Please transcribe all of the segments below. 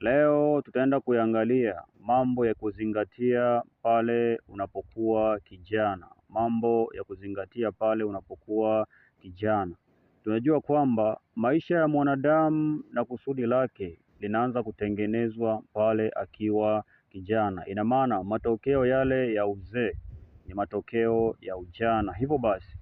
Leo tutaenda kuyangalia mambo ya kuzingatia pale unapokuwa kijana, mambo ya kuzingatia pale unapokuwa kijana. Tunajua kwamba maisha ya mwanadamu na kusudi lake linaanza kutengenezwa pale akiwa kijana. Ina maana matokeo yale ya uzee ni matokeo ya ujana. Hivyo basi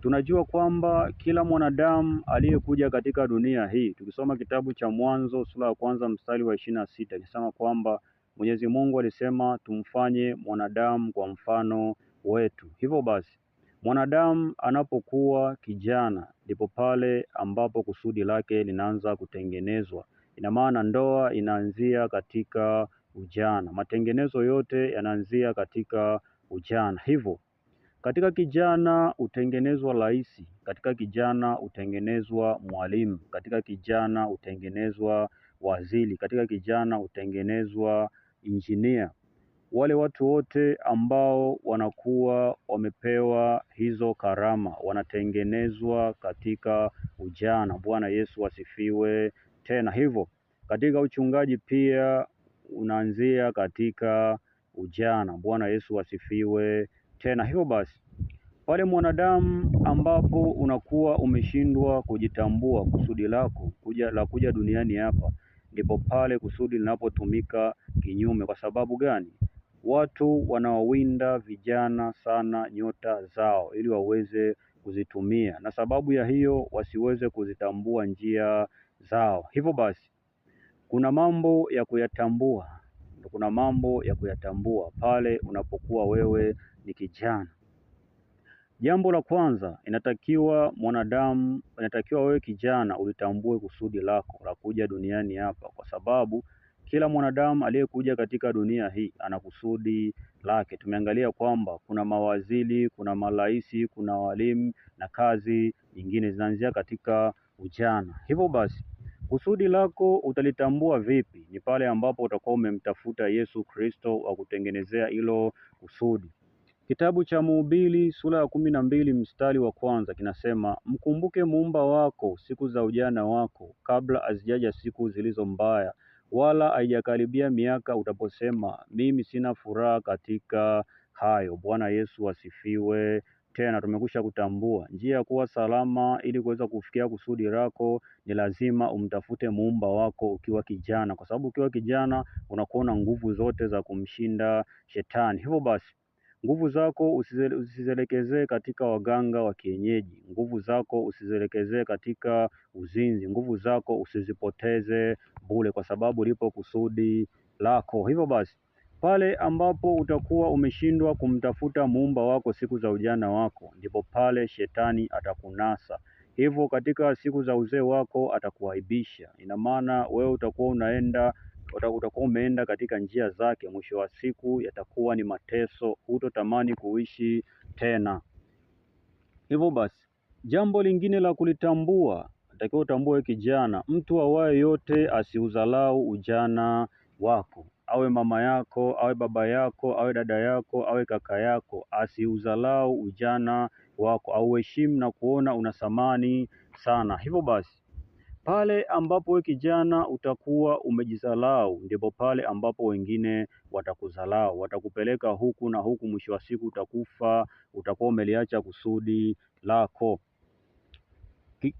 Tunajua kwamba kila mwanadamu aliyekuja katika dunia hii, tukisoma kitabu cha Mwanzo sura ya kwanza mstari wa ishirini na sita inasema kwamba Mwenyezi Mungu alisema tumfanye mwanadamu kwa mfano wetu. Hivyo basi mwanadamu anapokuwa kijana ndipo pale ambapo kusudi lake linaanza kutengenezwa. Ina maana ndoa inaanzia katika ujana, matengenezo yote yanaanzia katika ujana. Hivyo katika kijana hutengenezwa rais, katika kijana hutengenezwa mwalimu, katika kijana hutengenezwa waziri, katika kijana hutengenezwa injinia. Wale watu wote ambao wanakuwa wamepewa hizo karama wanatengenezwa katika ujana. Bwana Yesu asifiwe. Tena hivyo katika uchungaji pia unaanzia katika ujana. Bwana Yesu asifiwe tena. Hivyo basi pale mwanadamu ambapo unakuwa umeshindwa kujitambua kusudi lako kuja, la kuja duniani hapa, ndipo pale kusudi linapotumika kinyume. Kwa sababu gani? Watu wanaowinda vijana sana nyota zao ili waweze kuzitumia, na sababu ya hiyo wasiweze kuzitambua njia zao. Hivyo basi kuna mambo ya kuyatambua kuna mambo ya kuyatambua pale unapokuwa wewe ni kijana. Jambo la kwanza, inatakiwa mwanadamu, inatakiwa wewe kijana ulitambue kusudi lako la kuja duniani hapa, kwa sababu kila mwanadamu aliyekuja katika dunia hii ana kusudi lake. Tumeangalia kwamba kuna mawaziri, kuna maraisi, kuna walimu na kazi nyingine zinaanzia katika ujana. Hivyo basi Kusudi lako utalitambua vipi? Ni pale ambapo utakuwa umemtafuta Yesu Kristo wa kutengenezea hilo kusudi. Kitabu cha Mhubiri sura ya kumi na mbili mstari wa kwanza kinasema, mkumbuke muumba wako siku za ujana wako, kabla hazijaja siku zilizo mbaya, wala haijakaribia miaka utaposema, mimi sina furaha katika hayo. Bwana Yesu asifiwe tena tumekwisha kutambua njia ya kuwa salama. Ili kuweza kufikia kusudi lako, ni lazima umtafute muumba wako ukiwa kijana, kwa sababu ukiwa kijana unakuwa na nguvu zote za kumshinda shetani. Hivyo basi nguvu zako usizielekezee katika waganga wa kienyeji. Nguvu zako usizielekezee katika uzinzi. Nguvu zako usizipoteze bure, kwa sababu lipo kusudi lako. Hivyo basi pale ambapo utakuwa umeshindwa kumtafuta muumba wako siku za ujana wako, ndipo pale shetani atakunasa. Hivyo katika siku za uzee wako atakuaibisha. Ina maana wewe utakuwa unaenda utakuwa umeenda katika njia zake, mwisho wa siku yatakuwa ni mateso, hutotamani kuishi tena. Hivyo basi, jambo lingine la kulitambua, natakiwa utambue kijana, mtu awaye yote asiuzalau ujana wako awe mama yako, awe baba yako, awe dada yako, awe kaka yako, asiuzalau ujana wako, auheshimu na kuona una thamani sana. Hivyo basi pale ambapo we kijana utakuwa umejizalau, ndipo pale ambapo wengine watakuzalau, watakupeleka huku na huku, mwisho wa siku utakufa, utakuwa umeliacha kusudi lako.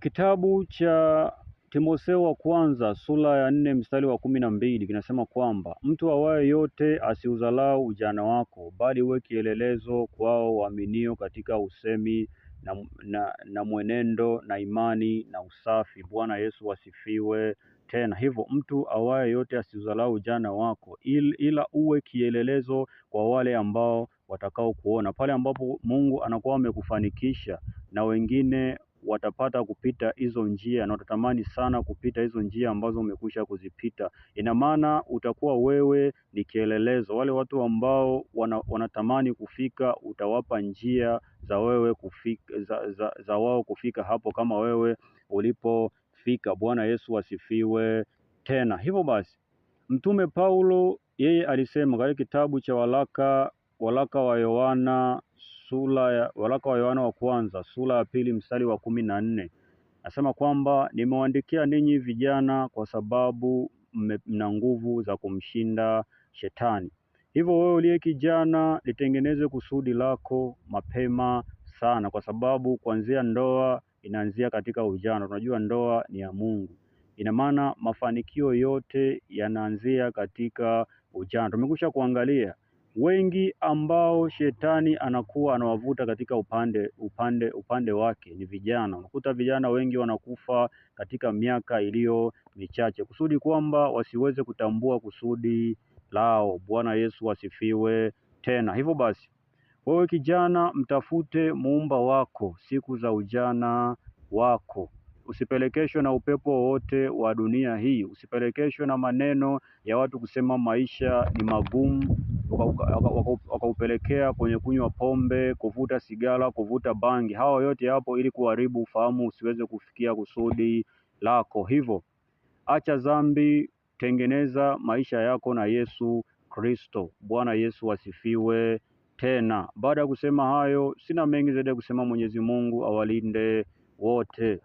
Kitabu cha Timotheo wa kwanza sura ya nne mstari wa kumi na mbili kinasema kwamba mtu awaye yote asiudhalau ujana wako, bali uwe kielelezo kwao waaminio katika usemi na, na, na mwenendo na imani na usafi. Bwana Yesu wasifiwe Tena hivyo mtu awaye yote asiudhalau ujana wako, il, ila uwe kielelezo kwa wale ambao watakao kuona, pale ambapo Mungu anakuwa amekufanikisha na wengine watapata kupita hizo njia na watatamani sana kupita hizo njia ambazo umekwisha kuzipita. Ina maana utakuwa wewe ni kielelezo. Wale watu ambao wana, wanatamani kufika utawapa njia za wewe kufika, za, za, za wao kufika hapo kama wewe ulipofika. Bwana Yesu asifiwe tena. Hivyo basi Mtume Paulo yeye alisema katika kitabu cha walaka walaka wa Yohana sura ya waraka wa Yohana wa kwanza sura ya pili mstari wa kumi na nne nasema kwamba nimewaandikia ninyi vijana kwa sababu mna nguvu za kumshinda shetani. Hivyo wewe uliye kijana, litengeneze kusudi lako mapema sana, kwa sababu kuanzia ndoa inaanzia katika ujana. Unajua ndoa ni ya Mungu, ina maana mafanikio yote yanaanzia katika ujana. Tumekusha kuangalia wengi ambao shetani anakuwa anawavuta katika upande upande upande wake ni vijana. Unakuta vijana wengi wanakufa katika miaka iliyo michache, kusudi kwamba wasiweze kutambua kusudi lao. Bwana Yesu asifiwe tena. Hivyo basi, wewe kijana, mtafute muumba wako siku za ujana wako. Usipelekeshwe na upepo wowote wa dunia hii, usipelekeshwe na maneno ya watu kusema maisha ni magumu, wakaupelekea kwenye kunywa pombe, kuvuta sigara, kuvuta bangi. Hao yote yapo ili kuharibu ufahamu usiweze kufikia kusudi lako. Hivyo acha dhambi, tengeneza maisha yako na Yesu Kristo. Bwana Yesu asifiwe. Tena baada ya kusema hayo, sina mengi zaidi ya kusema. Mwenyezi Mungu awalinde wote.